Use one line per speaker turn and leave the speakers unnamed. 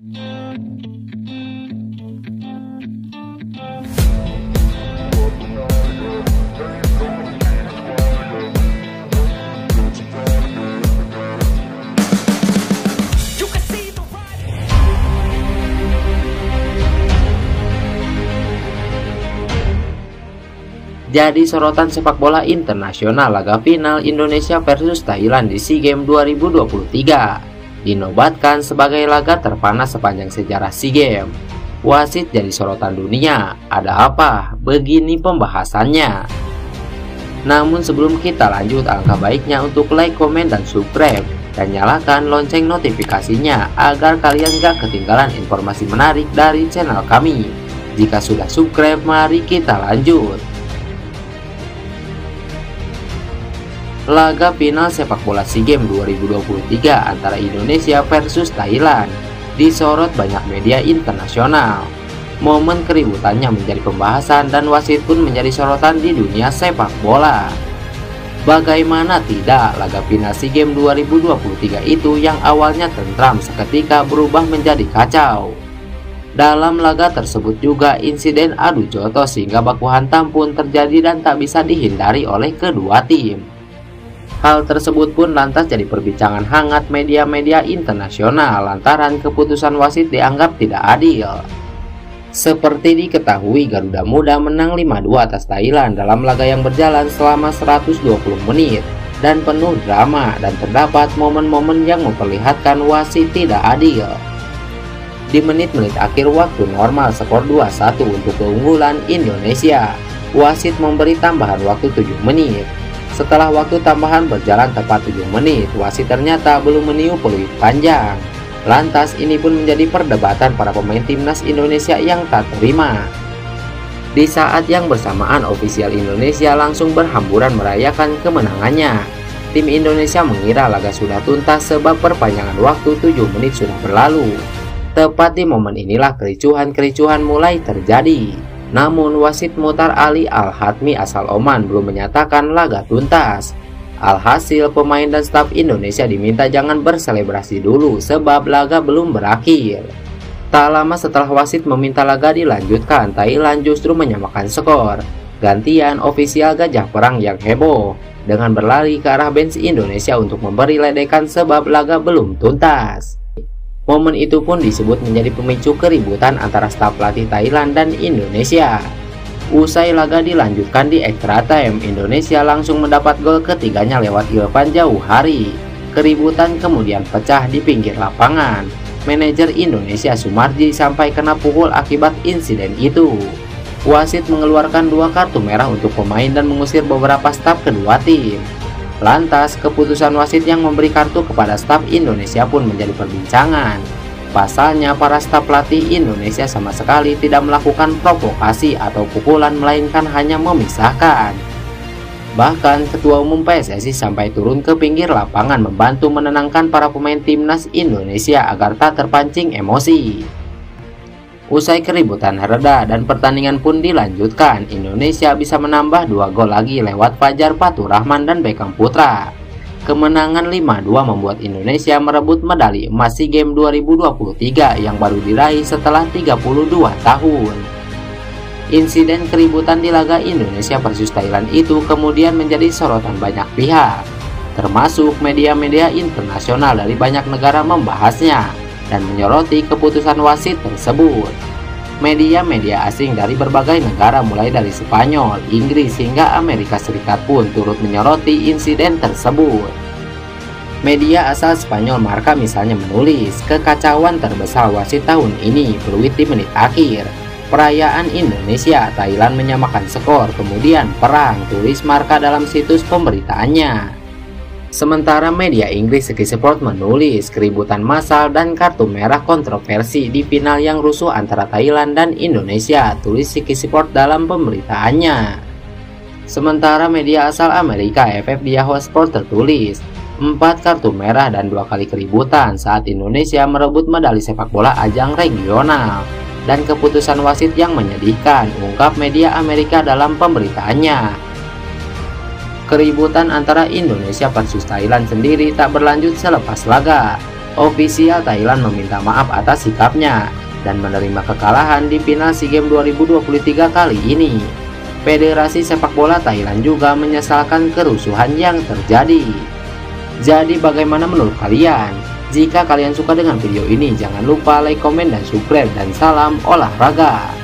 Jadi sorotan sepak bola internasional laga final Indonesia versus Thailand di SEA Games 2023 dinobatkan sebagai laga terpanas sepanjang sejarah SEA Games. Wasit jadi sorotan dunia, ada apa? Begini pembahasannya. Namun sebelum kita lanjut, alangkah baiknya untuk like, komen, dan subscribe. Dan nyalakan lonceng notifikasinya agar kalian gak ketinggalan informasi menarik dari channel kami. Jika sudah subscribe, mari kita lanjut. laga final sepak bola SEA Games 2023 antara Indonesia versus Thailand disorot banyak media internasional. Momen keributannya menjadi pembahasan dan wasit pun menjadi sorotan di dunia sepak bola. Bagaimana tidak laga final SEA Games 2023 itu yang awalnya tentram seketika berubah menjadi kacau. Dalam laga tersebut juga insiden adu jotos sehingga baku hantam pun terjadi dan tak bisa dihindari oleh kedua tim. Hal tersebut pun lantas jadi perbincangan hangat media-media internasional lantaran keputusan wasit dianggap tidak adil. Seperti diketahui, Garuda Muda menang 5-2 atas Thailand dalam laga yang berjalan selama 120 menit dan penuh drama dan terdapat momen-momen yang memperlihatkan wasit tidak adil. Di menit-menit akhir waktu normal skor 2-1 untuk keunggulan Indonesia. Wasit memberi tambahan waktu 7 menit setelah waktu tambahan berjalan tepat 7 menit, wasit ternyata belum meniup peluit panjang. Lantas ini pun menjadi perdebatan para pemain timnas Indonesia yang tak terima. Di saat yang bersamaan, ofisial Indonesia langsung berhamburan merayakan kemenangannya. Tim Indonesia mengira laga sudah tuntas sebab perpanjangan waktu 7 menit sudah berlalu. Tepat di momen inilah kericuhan-kericuhan mulai terjadi. Namun wasit Mutar Ali Al-Hatmi asal Oman belum menyatakan laga tuntas. Alhasil pemain dan staf Indonesia diminta jangan berselebrasi dulu sebab laga belum berakhir. Tak lama setelah wasit meminta laga dilanjutkan, Thailand justru menyamakan skor. Gantian ofisial gajah perang yang heboh dengan berlari ke arah bench Indonesia untuk memberi ledekan sebab laga belum tuntas. Momen itu pun disebut menjadi pemicu keributan antara staf pelatih Thailand dan Indonesia. Usai laga dilanjutkan di extra time, Indonesia langsung mendapat gol ketiganya lewat Ilvan Hari. Keributan kemudian pecah di pinggir lapangan. Manajer Indonesia Sumarji sampai kena pukul akibat insiden itu. Wasit mengeluarkan dua kartu merah untuk pemain dan mengusir beberapa staf kedua tim. Lantas, keputusan wasit yang memberi kartu kepada staf Indonesia pun menjadi perbincangan. Pasalnya, para staf pelatih Indonesia sama sekali tidak melakukan provokasi atau pukulan, melainkan hanya memisahkan. Bahkan, Ketua Umum PSSI sampai turun ke pinggir lapangan membantu menenangkan para pemain timnas Indonesia agar tak terpancing emosi. Usai keributan reda dan pertandingan pun dilanjutkan, Indonesia bisa menambah dua gol lagi lewat Fajar Rahman dan Beckham Putra. Kemenangan 5-2 membuat Indonesia merebut medali emas SEA Games 2023 yang baru diraih setelah 32 tahun. Insiden keributan di laga Indonesia versus Thailand itu kemudian menjadi sorotan banyak pihak, termasuk media-media internasional dari banyak negara membahasnya dan menyoroti keputusan wasit tersebut. Media-media asing dari berbagai negara mulai dari Spanyol, Inggris hingga Amerika Serikat pun turut menyoroti insiden tersebut. Media asal Spanyol Marka misalnya menulis, kekacauan terbesar wasit tahun ini berwit di menit akhir. Perayaan Indonesia, Thailand menyamakan skor, kemudian perang, tulis Marka dalam situs pemberitaannya. Sementara media Inggris Sky Sport menulis keributan massal dan kartu merah kontroversi di final yang rusuh antara Thailand dan Indonesia, tulis Sky Sport dalam pemberitaannya. Sementara media asal Amerika FF di Yahoo Sport tertulis, empat kartu merah dan dua kali keributan saat Indonesia merebut medali sepak bola ajang regional dan keputusan wasit yang menyedihkan, ungkap media Amerika dalam pemberitaannya. Keributan antara Indonesia versus Thailand sendiri tak berlanjut selepas laga. Ofisial Thailand meminta maaf atas sikapnya dan menerima kekalahan di final SEA Games 2023 kali ini. Federasi Sepak Bola Thailand juga menyesalkan kerusuhan yang terjadi. Jadi bagaimana menurut kalian? Jika kalian suka dengan video ini, jangan lupa like, komen, dan subscribe. Dan salam olahraga!